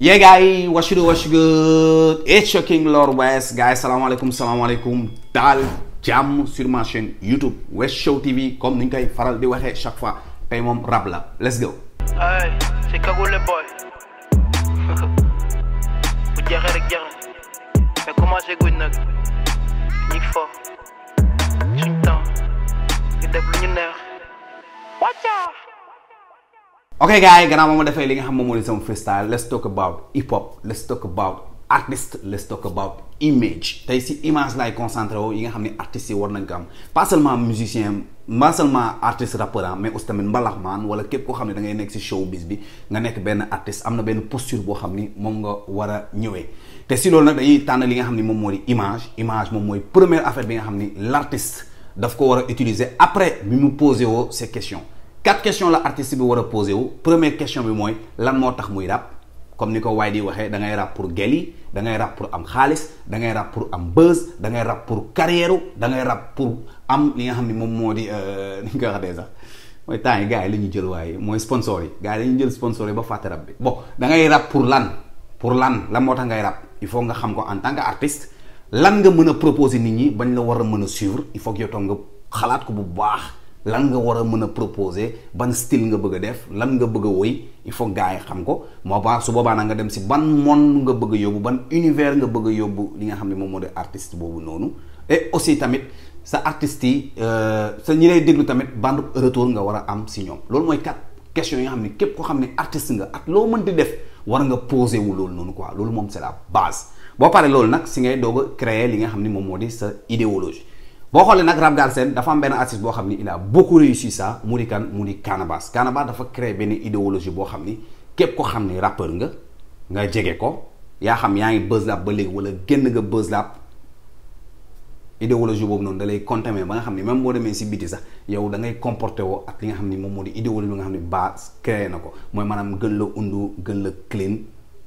Yeah guys, what's good, what's good? It's your King Lord West. Guys, salam alaikum, salam alaikum. Dal jàmm sur ma YouTube West Show TV comme ni ñu koy faral di waxee chaque fois tey moom rap la. Let's go. Hey, c'est Cagoule boy. Bu jeexee rek jeex na. Mais commencé nag. Ñi fo. Suñ temps. Di def neex. ok gars yi gannaaw moom ma defee li nga xam moom moo di sama freestyle let's talk about hip hop si image lay concentré woo yi nga xam ne artistes yi war nañ ko am pas seulement musicien pas seulement artiste ah, mais aussi tamit mbalaxmaan wala képp koo xam ne da nekk si showbiz bi nga nekk benn artiste am na benn boo xam ni moom nga war a ñëwee te si loolu nag dañuy tànn li nga xam ni moom moo image image moom mooy première affaire bi nga xam ni l' artiste daf ko war a utiliser après bi mu posé woo question quatre question la artiste bi war a posé wu première question bi mooy lan moo tax muy rap comme ni ko waay di waxee da ngay rap pour gel dangay da rap pour am xaalis dangay ngay rap pour am buzz da ngay rap pour carrière da ngay rap pour am li nga xam ne moom moo di euh, ni ñu koy waxee sax mooy temps yi yi la ñu jël waaye mooy sponsor yi gars yi la ñu jël sponsor yi ba fàtte rap bi bon da ngay rap pour lan pour lan lan moo tax ngay rap il faut nga xam ko en tant que artiste lan nga mën a proposer nit ñi bañ la war a mën a suivre il faut que yow nga xalaat ko bu baax. lan nga war a mën a proposer ban style nga bëgg a def lan nga bëgg a woy il faut gars yi xam ko moo baax su boobaa nag nga dem si ban monde nga bëgg yóbbu ban univers nga bëgg a yóbbu li nga xam ne moom moo de artiste boobu noonu et aussi tamit sa artiste yi euh, sa ñi lay déglu tamit ban retour nga war a am si ñoom loolu mooy quatre questions yoo xam ne képp koo xam ne artiste nga ak loo mënti def war nga posé wu loolu noonu quoi loolu moom c'est la base boo paree loolu nag si ngay doog a li nga xam ne moom moo di sa idéologie boo xoolee nag Ramgar Sène dafa am benn artiste boo xam ni il a beaucoup réussi ça mu di kan mu di Canabasse Canabasse dafa créé benn idéologie boo xam ni képp ko xam ni rappeur nga nga jege ko yaa xam yaa ngi buzz lap ba léegi wala génn nga buzz lap idéologie boobu noonu da lay contaminer ba nga xam ni même boo demee si biti sax yow da ngay comporté woo ak li nga xam ni moom moo di idéologie bi nga xam ni base créé na ko mooy maanaam gën la undu gën la clean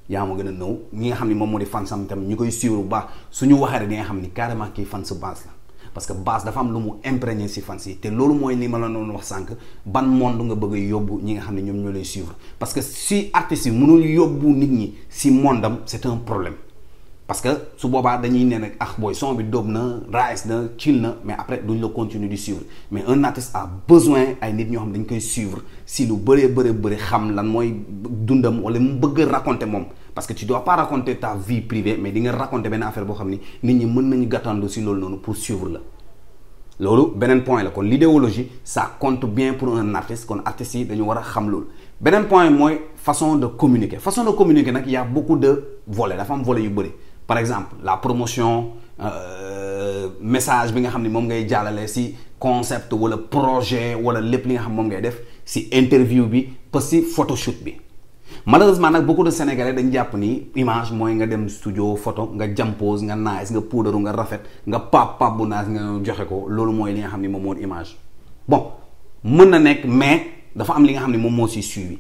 yaa ma gën a nëw nga xam ni moom moo di fansam itam ñu koy suivre bu baax suñu waxee rek di nga xam ni carrément kii fan sa base la parce que base dafa am lu mu imprégné ci fans yi te loolu mooy li ma la doon wax sànq ban monde nga bëgg a yóbbu ñi nga xam ne ñoom ñoo lay suivre parce que si artistes yi mënul yóbbu nit ñi ci mondam c'est un problème parce que su boobaa dañuy ne nag ah booy son bi dóob na raes na chill na mais après duñ la continuer di suivre mais un artiste a besoin ay nit ñoo xam dañ koy suivre si lu bëree bëri bëri xam lan mooy dundam wala mu bëgg a moom parce que tu dois pas raconter ta vie privée mais di nga raconter benn affaire boo xam ni nit ñi mën nañu gàttandu si loolu noonu pour suivre la loolu beneen point la kon l'idéologie ça compte bien pour un artiste kon artistes yi dañu a xam loolu beneen point mooy façon de communiquer façon de communiquer nag y a beaucoup yu bëri par exemple la promotion euh, message bi nga xam ne moom ngay jàllale si concept wala projet wala lépp li nga xam moom ngay def si interview bi parce si photoshoot bi malheureusement nag beaucoup de sénégalais dañ jàpp ni image mooy nga dem studio photo nga jampose nga nice nga puudaru nga rafet nga pap pap bu nice nga joxe ko loolu mooy li nga xam ne moom moo image bon mën na nekk mais dafa am li nga xam ne moom moo si suivi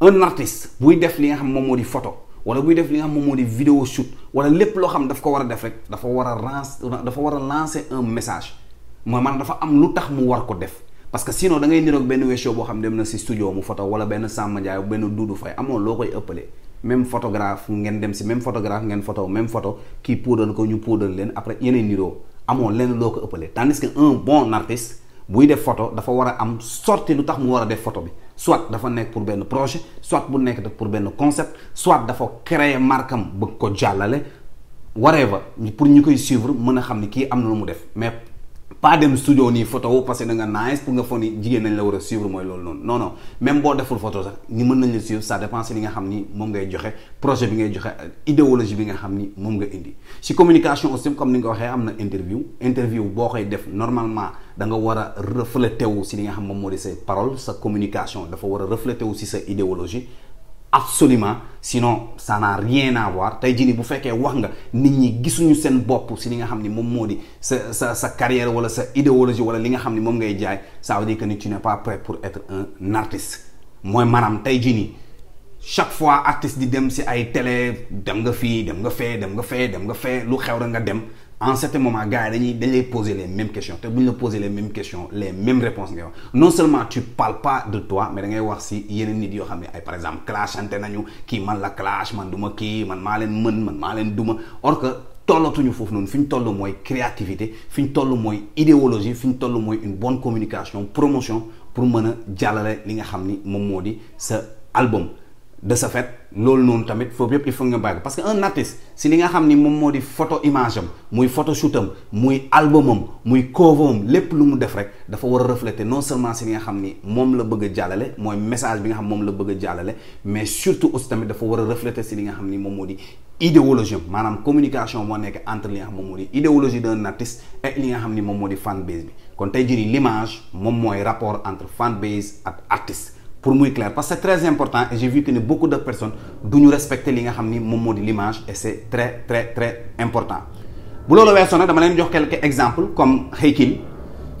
un artiste buy def li nga xam moom moo di photo wala buy def li nga xam moom moo di vidéo shoot wala lépp loo xam daf ko war a def rek dafa war a lancer dafa war a lancer un message mooy man dafa am lu tax mu war ko def parce que sinon da ngay niroog benn weesoo boo xam dem na si studio mu photo wala benn Samba Ndiaye benn Doudou Faye amoon loo koy ëppale même photographe ngeen dem si même photographe ngeen foto même foto ki póodal ko ñu póodal leen après yeneen niroo amoon lenn loo ko ëppalee tandis que un bon artiste buy def photo dafa war a am sorti lu tax mu war a def photo bi soit dafa nekk pour benn projet soit bu nekk daf pour benn concept soit dafa créer markam bëgg ko jàllale whatever pour ñu koy suivre mën a xam ni kii am na lu mu def mais pas dem studio nii photo wu parce que da nga nice pour nga foog ni jigéen nañ la war a suivre mooy loolu noonu non non même boo deful photo sax ñi mën nañ la suivre ça dépend si li nga xam ni moom ngay joxe projet bi ngay joxe idéologie bi nga xam ni moom nga indi si communication aussi comme ni nga waxee am na interview interview boo koy def normalement da nga war a reflété wu si li nga xam moom moo di sa parole sa communication dafa war a reflété si sa idéologie absolument sinon ça n'a rien à voir tey jii bu fekkee wax nga nit ñi gisuñu seen bopp si li nga xam ni moom moo di sa sa sa carrière wala sa idéologie wala li nga xam ni moom ngay jaay ça veut dire que ni tu n'es pas prêt pour être un artiste mooy maanaam tey jii nii chaque fois artiste di dem si ay télé dem nga fii dem nga fee dem nga fee dem nga fee lu xew rek nga dem en certain moment gars yi dañuy dañ lay poser les mêmes questions te bu ñu la poser les mêmes questions les mêmes réponses ngay wax non seulement tu parles pas de toi mais da wax si yeneen nit yoo xam ne ay par exemple ante nañu kii man la clash man duma kii man maa leen mën man maa leen duma or que tollatuñu foofu noonu fi ñu toll mooy créativité fi ñu toll mooy idéologie fi ñu toll mooy une bonne communication promotion pour mën a jàllale li nga xam ni moom moo di sa album de ce fait loolu noonu tamit foofu yëpp il faut nga bàyyi parce que un artiste si li nga xam ni moom moo di photo image am muy photo shoot am muy muy cover lépp lu mu def rek dafa war a refléter non seulement si li xam ni moom la bëgg a mooy message bi nga xam moom la bëgg a jàllale mais surtout aussi tamit dafa war a refléter si li nga xam ni moom moo di idéologie am maanaam communication moo nekk entre li nga xam moom moo di idéologie li nga xam ni moom moo di fan base bi kon tey jii l'image moom mooy rapport entre fan base ak artiste. pour muy clair parce que c'est très important et j'ai vu que ni beaucoup de personnes duñu respecter li nga xam ni moom moo di l'image et c'est très très très important bu loolu weesoo nag dama leen jox quelques exemples comme Hakim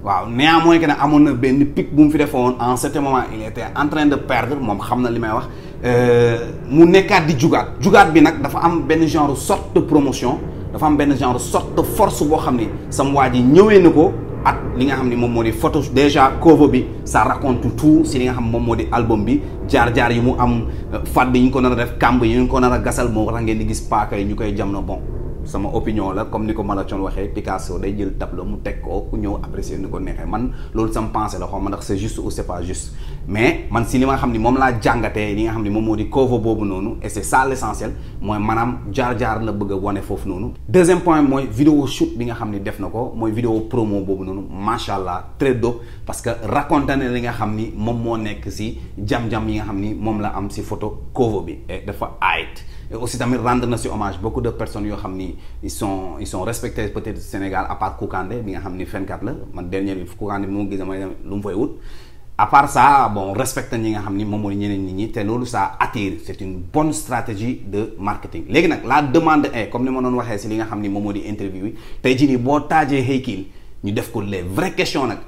waaw néanmoins que ne amoon na benn pic bu mu fi defoon en certain moment il était en de perdre moom xam na li may wax euh, mu nekkaat di jugaat jugaat bi nag dafa am benn genre sorte de promotion dafa am benn genre sorte de force boo xam ni sam waa ji ñëwee na ko at li nga xam ni moom moo di photo déjà cover bi sa raconte tout si li nga xam moom moo di album bi jaar-jaar yi mu am euh, fad bi ñu ko nar a def kàmb yi ñu ko nar a gasal moo tax ngeen di gis paaka yi ñu koy jam na bon sama opinion la comme ni ko a Malathion waxee Picasso day jël tableau mu teg ko ku ñëw apprécier ni ko neexee man loolu sama pensée la xaw ma ndax c'est juste ou c'est pas juste mais man si li nga xam ni moom laa jàngatee li nga xam ni moom moo di Kovo boobu noonu et c'est ça l'essentiel maanaam jaar-jaar la bëgg a foofu noonu deuxième point mooy vidéo shoot bi nga xam ni def na ko mooy vidéo promo boobu noonu macha allah très dope parce que raconté li nga xam ni moom moo nekk si jam-jam yi nga xam ni moom la am si photo Kovo bi dafa aayit et aussi tamit rendre na si hommage beaucoup de personnes yoo xam ni ils sont ils sont respectés peut-être Sénégal à part bi nga xam ni fenkat la man dernière bi Koukandé bi bon respecte ñi nga xam ni moom mooy ñeneen nit ñi te loolu ça attire c'est une bonne stratégie de marketing léegi nag la demande est comme ni ma doon waxee si li nga xam ni moom moo di interview yi tey jii nii boo taajee Hakiil ñu def ko les vraies question nag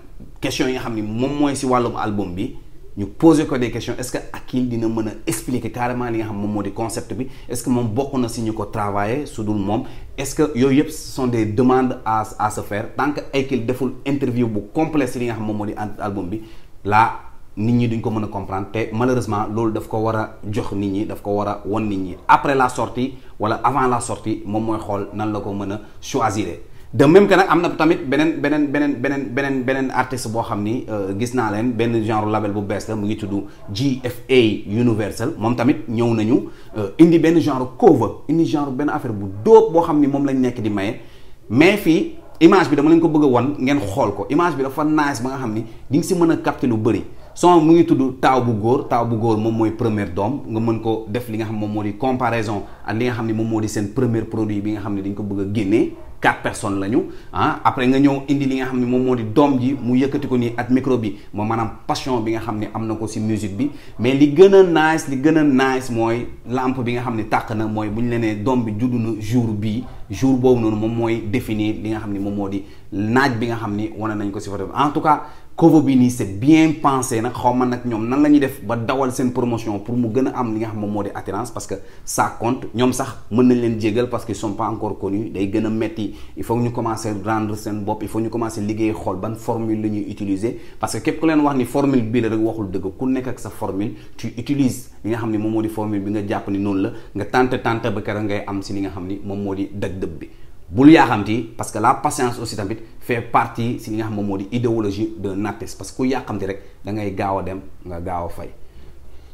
questions yi nga xam ni moom mooy si wàllu album bi ñu poser ko des questions est-ce que Aqil dina mën a expliquer carrément li nga xam moom moo di concept bi est-ce que moom bokk na si ñu ko travailler su dul moom est-ce que yooyu yëpp sont des demandes à à se faire tant que Aqil deful interview bu complexe li nga xam moom moo di album bi là nit ñi duñ ko mën a comprendre te malheureusement loolu daf ko war a jox nit ñi daf ko war a won nit ñi après la sorti wala avant la sortie moom mooy xool nan la ko mën a choisir. de même que nag am na tamit beneen beneen beneen beneen beneen beneen artiste boo xam ni euh, gis naa leen benn genre label bu bees la mu ngi tuddu GFA Universal moom tamit ñëw nañu euh, indi benn genre cover indi genre benn affaire bu dóob boo xam ni moom lañ nekk di maye mais fii image bi dama leen ko bëgg a ngeen xool ko image bi dafa nice ba nga xam ni di nga si mën a capter lu bëri son mu ngi tudd taaw bu góor taaw bu góor moom mooy première doom nga mën ko def li nga xam moom moo di comparaison li nga xam ni moom moo di seen produit bi nga xam ne dañ ko bëgg a génnee quatre personnes la ñu ah après nga ñëw indi li nga xam ne moom moo di doom ji mu yëkkati ko nii ak micro bi moom manaam passion bi nga xam ne am na ko si musique bi mais li gën a nice li gën a nice mooy lampe bi nga xam ne tàkk na mooy bu ñu la nee doom bi juddu na jour bii jour boobu noonu moom mooy définir li nga xam ne moom moo di naaj bi nga xam ni wane nañ ko si photo bi en tout cas cover bi nii c'est bien pensé nag xaw ma nag ñoom nan la ñuy def ba dawal seen promotion pour mu gën a am li nga xam moom moo di attirance parce que ça compte ñoom leen jégal parce qu'ils sont pas encore connus a metti il faut ñu commencer seen bopp il faut ñu commencer liggéey xool ban formule la ñuy utiliser parce leen wax ni formule bii la rek waxul dëgg ku nekk nga xam ne moom moo di formule bi nga jàpp ni noonu la nga tànte tànte ba keroog ngay am si li nga xam ni moom moo di dëg-dëg bi bul yaaxamti parce que la patience aussi tamit fait partie si li nga xam moom moo di idéologie d'un artiste parce que ku yaaxamti rek dangay gaaw a dem nga gaaw a fay.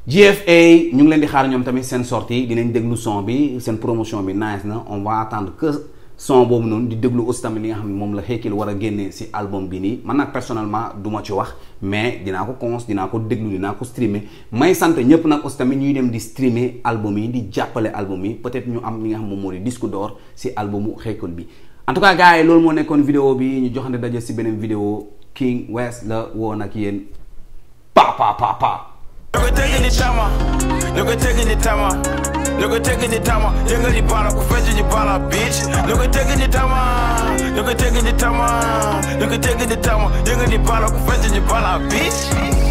GFA ñu ngi leen di xaar ñoom tamit seen sortie dinañ déglu son bi seen promotion bi nice na on va attendre que. son boobu noonu di déglu aussi tamit li nga xam ne moom la Hakill war a génne si album bi nii man nag personnellement du ma ci wax mais dinaa ko cons dinaa ko déglu dinaa ko streamer may sant ñépp nag aussi tamit ñuy dem di streamer album yi di jàppale album yi peut-être ñu am li nga xam moom moo di disque d'or si albumu Hakill bi en tout cas gars yi loolu moo nekkoon vidéo bi ñu joxante daje si beneen vidéo King West la woon ak yéen pa pa pa pa Nigga taking your time, nigga di bala, ku fetch your bala, bitch. Nigga taking your time, nigga taking your time, nigga taking your time, nigga bala, ku fetch bala, bitch.